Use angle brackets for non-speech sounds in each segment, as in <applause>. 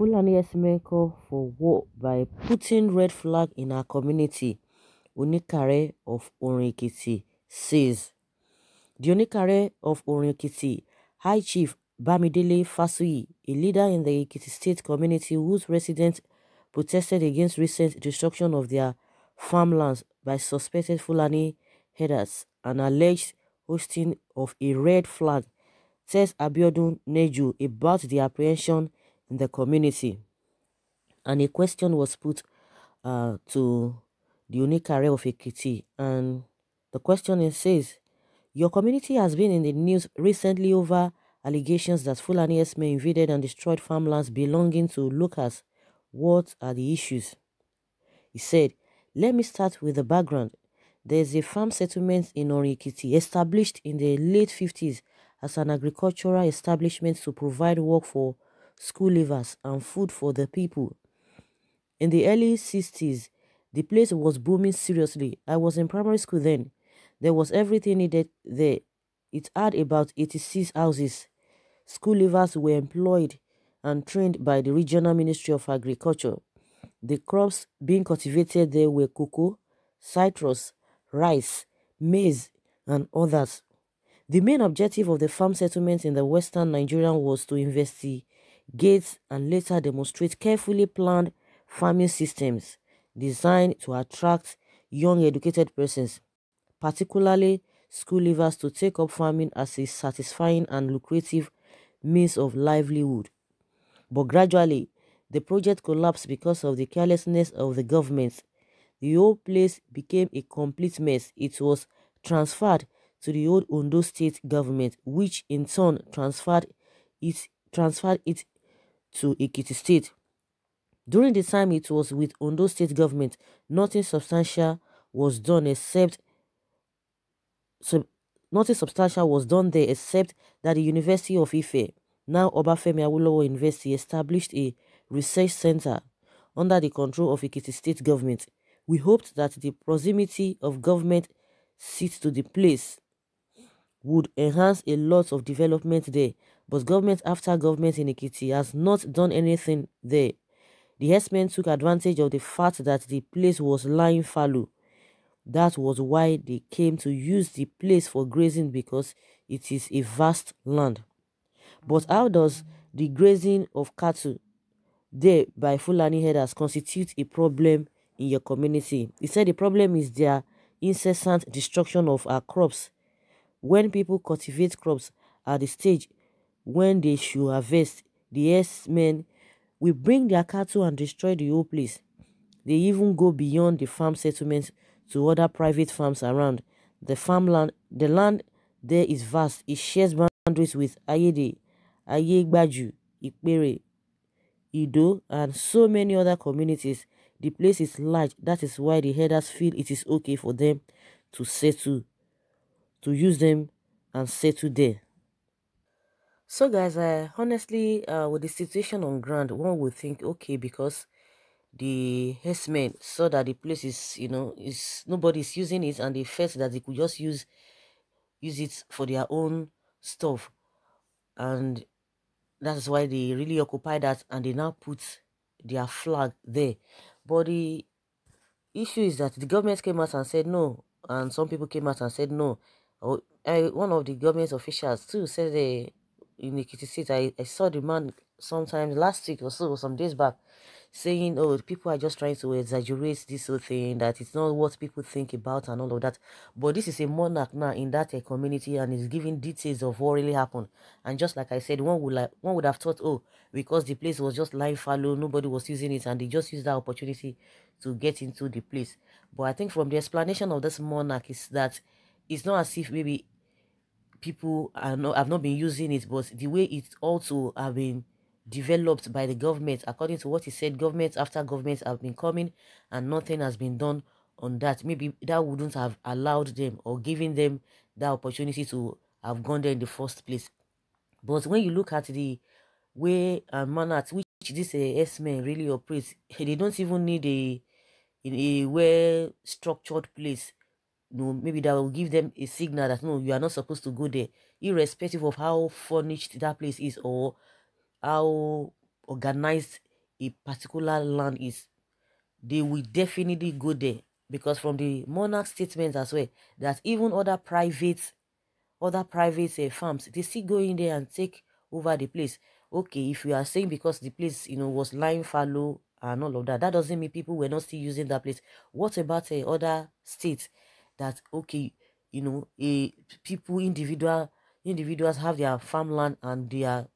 Fulani Esemenko for war by putting red flag in our community, Unikare of orin says. The Onikare of orin High Chief Bamidele Fasuyi, a leader in the Ekiti state community whose residents protested against recent destruction of their farmlands by suspected Fulani headers and alleged hosting of a red flag, says Abiodun Neju about the apprehension in the community. And a question was put uh, to the unique area of Ekiti. And the question is, says, Your community has been in the news recently over allegations that Fulani Esme invaded and destroyed farmlands belonging to locals. What are the issues? He said, Let me start with the background. There is a farm settlement in Orikiti established in the late 50s as an agricultural establishment to provide work for school leavers, and food for the people. In the early 60s, the place was booming seriously. I was in primary school then. There was everything needed there. It had about 86 houses. School leavers were employed and trained by the Regional Ministry of Agriculture. The crops being cultivated there were cocoa, citrus, rice, maize, and others. The main objective of the farm settlements in the western Nigerian was to investigate Gates and later demonstrate carefully planned farming systems designed to attract young educated persons, particularly school leavers to take up farming as a satisfying and lucrative means of livelihood. But gradually, the project collapsed because of the carelessness of the government. The old place became a complete mess. It was transferred to the old Ondo state government, which in turn transferred it, transferred it to Ekiti State. During the time it was with Ondo State government, nothing substantial was done except sub, nothing substantial was done there except that the University of Ife, now Obafemi Awolowo University, established a research center under the control of Ekiti State government. We hoped that the proximity of government seats to the place would enhance a lot of development there, but government after government in Ikiti has not done anything there. The herdsmen took advantage of the fact that the place was lying fallow. That was why they came to use the place for grazing because it is a vast land. But how does the grazing of cattle there by Fulani herders constitute a problem in your community? He said the problem is their incessant destruction of our crops. When people cultivate crops at the stage when they should harvest, the herdsmen will bring their cattle and destroy the whole place. They even go beyond the farm settlements to other private farms around. The farmland, the land there is vast. It shares boundaries with Ayede, Ayegbaju, Ipere, Ido, and so many other communities. The place is large. That is why the herders feel it is okay for them to settle, to use them and settle there. So guys, uh, honestly, uh, with the situation on ground, one would think, okay, because the herdsmen saw that the place is, you know, is nobody's using it and they felt that they could just use use it for their own stuff. And that's why they really occupied that and they now put their flag there. But the issue is that the government came out and said no, and some people came out and said no. Oh, uh, one of the government officials too said they in Ekiti State. I, I saw the man sometimes last week or so, or some days back, saying, oh, people are just trying to exaggerate this whole thing, that it's not what people think about and all of that. But this is a monarch now in that uh, community and is giving details of what really happened. And just like I said, one would, like, one would have thought, oh, because the place was just lying fallow, nobody was using it, and they just used that opportunity to get into the place. But I think from the explanation of this monarch is that it's not as if maybe people are not have not been using it, but the way it also have been developed by the government, according to what he said, government after government have been coming and nothing has been done on that. Maybe that wouldn't have allowed them or given them that opportunity to have gone there in the first place. But when you look at the way and manner at which this uh, S-men really operates, <laughs> they don't even need a in a well structured place you know, maybe that will give them a signal that no, you are not supposed to go there, irrespective of how furnished that place is or how organized a particular land is. They will definitely go there because from the monarch statements as well that even other private, other private uh, farms they still go in there and take over the place. Okay, if you are saying because the place you know was lying fallow and all of that, that doesn't mean people were not still using that place. What about uh, other states? that okay you know a people individual individuals have their farmland and they are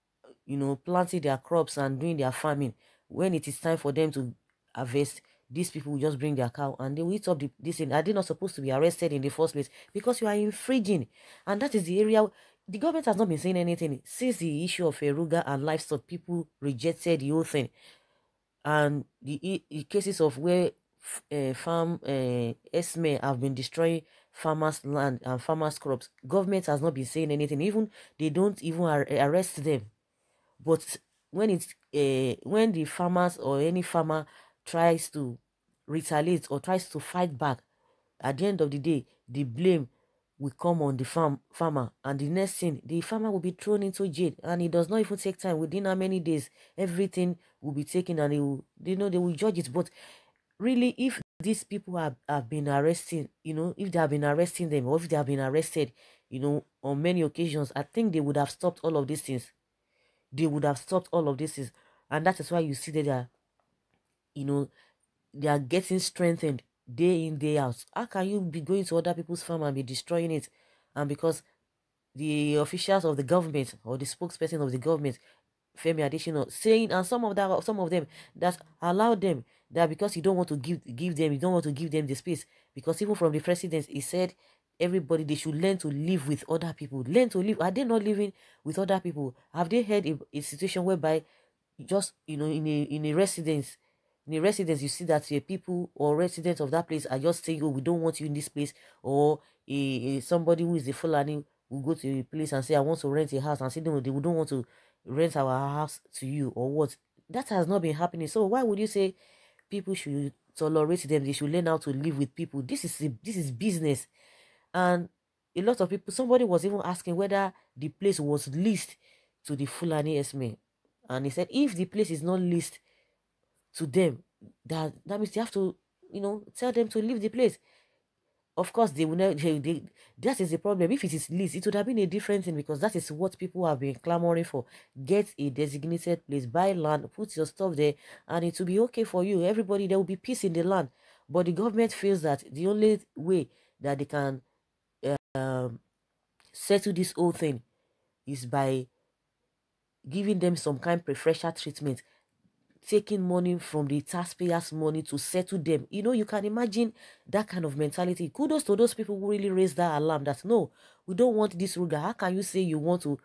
you know planting their crops and doing their farming when it is time for them to harvest these people will just bring their cow and they will eat up the, this thing are they not supposed to be arrested in the first place because you are infringing and that is the area the government has not been saying anything since the issue of Eruga and livestock people rejected the whole thing and the, the cases of where uh, farm uh, eh, Esme have been destroying farmers' land and farmers' crops. Government has not been saying anything. Even they don't even ar eh, arrest them. But when it's uh, when the farmers or any farmer tries to retaliate or tries to fight back, at the end of the day, the blame will come on the farm farmer and the next thing the farmer will be thrown into jail and it does not even take time within how many days everything will be taken and they will you know they will judge it but really if these people have, have been arresting you know if they have been arresting them or if they have been arrested you know on many occasions i think they would have stopped all of these things they would have stopped all of these things and that is why you see that they are you know they are getting strengthened day in day out how can you be going to other people's farm and be destroying it and because the officials of the government or the spokesperson of the government Femi additional saying, and some of that, some of them that allow them that because you don't want to give give them, you don't want to give them the space. Because even from the president, he said everybody they should learn to live with other people. Learn to live. Are they not living with other people? Have they had a, a situation whereby just you know in a in a residence in a residence you see that uh, people or residents of that place are just saying oh we don't want you in this place or a somebody who is the Fulani will go to a place and say I want to rent a house and say no they don't want to rent our house to you or what. That has not been happening. So why would you say people should tolerate them? They should learn how to live with people. This is this is business, and a lot of people. Somebody was even asking whether the place was leased to the Fulani Esme, and he said if the place is not leased to them, that that means they have to you know tell them to leave the place of course they will not they, they, that is the problem if it is leased it would have been a different thing because that is what people have been clamoring for get a designated place buy land put your stuff there and it will be okay for you everybody there will be peace in the land but the government feels that the only way that they can um, settle this whole thing is by giving them some kind of preferential treatment taking money from the taxpayers' money to settle them. You know, you can imagine that kind of mentality. Kudos to those people who really raised that alarm that no, we don't want this ruler. How can you say you want to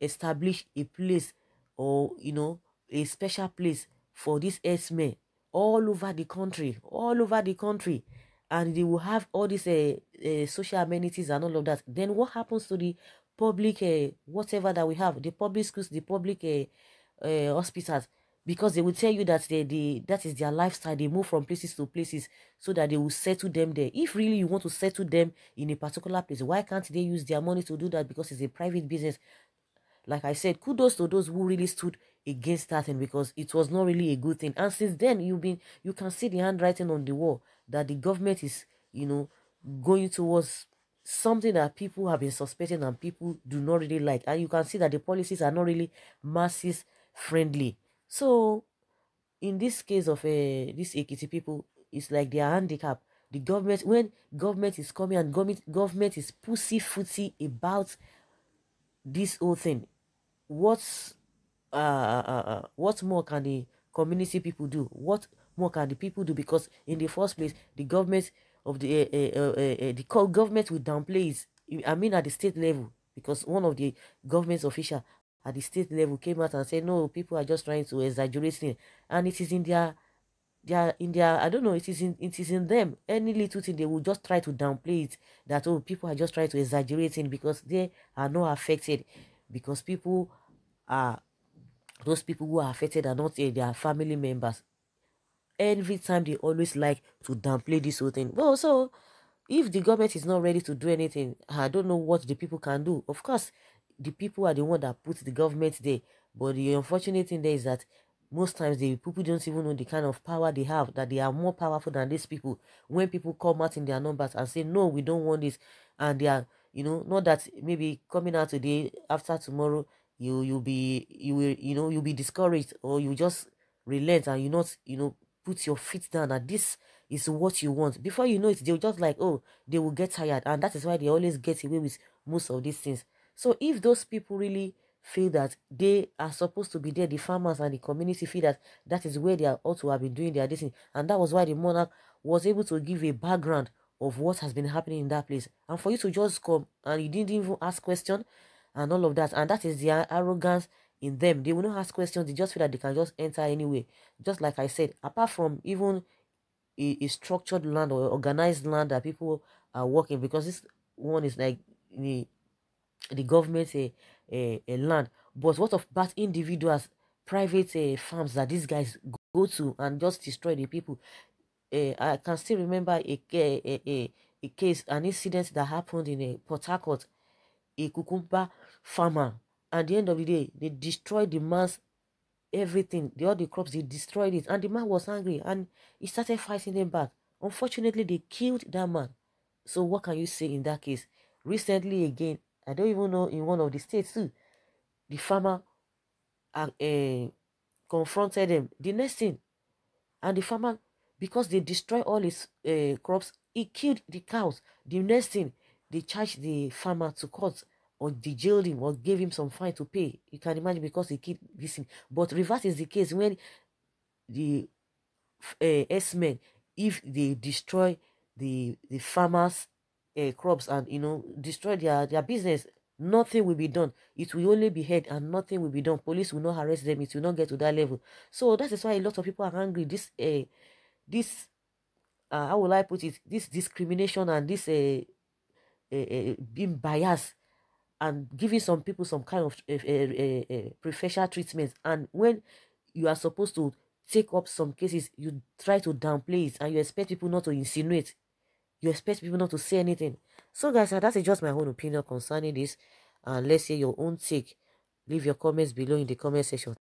establish a place or, you know, a special place for these herdsmen all over the country, all over the country? And they will have all these uh, uh, social amenities and all of that. Then what happens to the public, uh, whatever that we have, the public schools, the public uh, hospitals? because they will tell you that they, they that is their lifestyle they move from places to places so that they will settle them there if really you want to settle them in a particular place why can't they use their money to do that because it's a private business like i said kudos to those who really stood against that thing because it was not really a good thing and since then you've been you can see the handwriting on the wall that the government is you know going towards something that people have been suspecting and people do not really like and you can see that the policies are not really masses friendly so, in this case of uh, eh, these Ekiti people, it's like their handicap. The government, when government is coming and government, government is pussy-footy about this whole thing, what's uh uh, uh, uh, what more can the community people do? What more can the people do? Because in the first place, the government of the uh, uh, uh, the government will downplay it. I mean, at the state level, because one of the government's official at the state level came out and said, no, people are just trying to exaggerate things. And it is in their, their, in their, I don't know, it is in, it is in them. Any little thing, they will just try to downplay it. That, oh, people are just trying to exaggerate it because they are not affected. Because people are, those people who are affected are not uh, eh, their family members. Every time they always like to downplay this whole thing. Well, so if the government is not ready to do anything, I don't know what the people can do. Of course, the people are the one that put the government there. But the unfortunate thing there is that most times the people don't even know the kind of power they have, that they are more powerful than these people. When people come out in their numbers and say, no, we don't want this, and they are, you know, not that maybe coming out today, after tomorrow, you you'll be you will you know you'll be discouraged or you just relent and you not you know put your feet down that this is what you want before you know it they'll just like oh they will get tired and that is why they always get away with most of these things so if those people really feel that they are supposed to be there, the farmers and the community feel that that is where they are have been doing their thing, and that was why the monarch was able to give a background of what has been happening in that place. And for you to just come and you didn't even ask question and all of that, and that is the arrogance in them. They will not ask questions. They just feel that they can just enter anyway. Just like I said, apart from even a, a structured land or organized land that people are working, because this one is like the the government's a eh, a eh, a eh, land. But what about individuals, private uh, farms that these guys go to and just destroy the people? Uh, I can still remember a, a, a, a case, an incident that happened in a Port Harcourt, a cucumber farmer. At the end of the day, they destroyed the man's everything, the all the crops, they destroyed it. And the man was angry and he started fighting them back. Unfortunately, they killed that man. So what can you say in that case? Recently, again, I don't even know in one of the states too. The farmer uh, uh, confronted them. The next thing, and the farmer, because they destroy all his uh, crops, he killed the cows. The next thing, they charged the farmer to court or they jailed him or gave him some fine to pay. You can imagine because he killed this thing. But reverse is the case when the uh, S-men, if they destroy the the farmers uh, crops and you know destroy their their business nothing will be done it will only be heard and nothing will be done police will not arrest them it will not get to that level so that is why a lot of people are angry this uh, this uh, how will i put it this discrimination and this uh, uh, being biased and giving some people some kind of uh, preferential treatment and when you are supposed to take up some cases you try to downplay it and you expect people not to insinuate you expect people not to say anything. So, guys, uh, that's just my own opinion concerning this. And uh, let's hear your own take. Leave your comments below in the comment section.